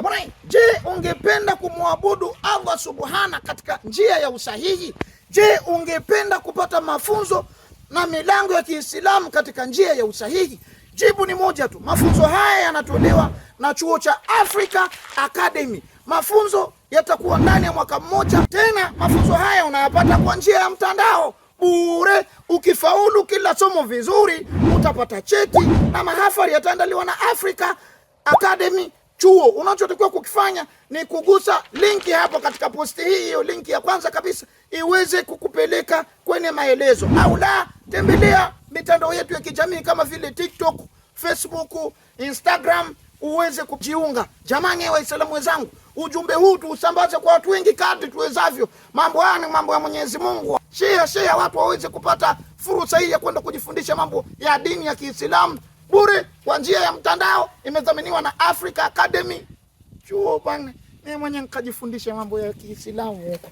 Bwana, je, ungependa kumwabudu Allah subhana katika njia ya usahihi? Je, ungependa kupata mafunzo na milango ya Kiislamu katika njia ya usahihi? Jibu ni moja tu. Mafunzo haya yanatolewa na chuo cha Africa Academy. Mafunzo yatakuwa ndani ya mwaka mmoja. Tena mafunzo haya unayapata kwa njia ya mtandao bure. Ukifaulu kila somo vizuri, utapata cheti na mahafali yataandaliwa na Africa Academy chuo, unachotakiwa kukifanya ni kugusa linki hapo katika posti hii, hiyo linki ya kwanza kabisa iweze kukupeleka kwenye maelezo, au la, tembelea mitandao yetu ya kijamii kama vile TikTok, Facebook, Instagram uweze kujiunga. Jamani, Waislamu wenzangu, ujumbe huu tuusambaze kwa watu wengi kadri tuwezavyo. Mambo haya ni mambo ya Mwenyezi Mungu, shea shea, watu waweze kupata fursa hii ya kwenda kujifundisha mambo ya dini ya Kiislamu bure kwa njia ya mtandao, imedhaminiwa na Africa Academy chuo bwana. Mimi mwenyewe nikajifundisha mambo ya Kiislamu huko.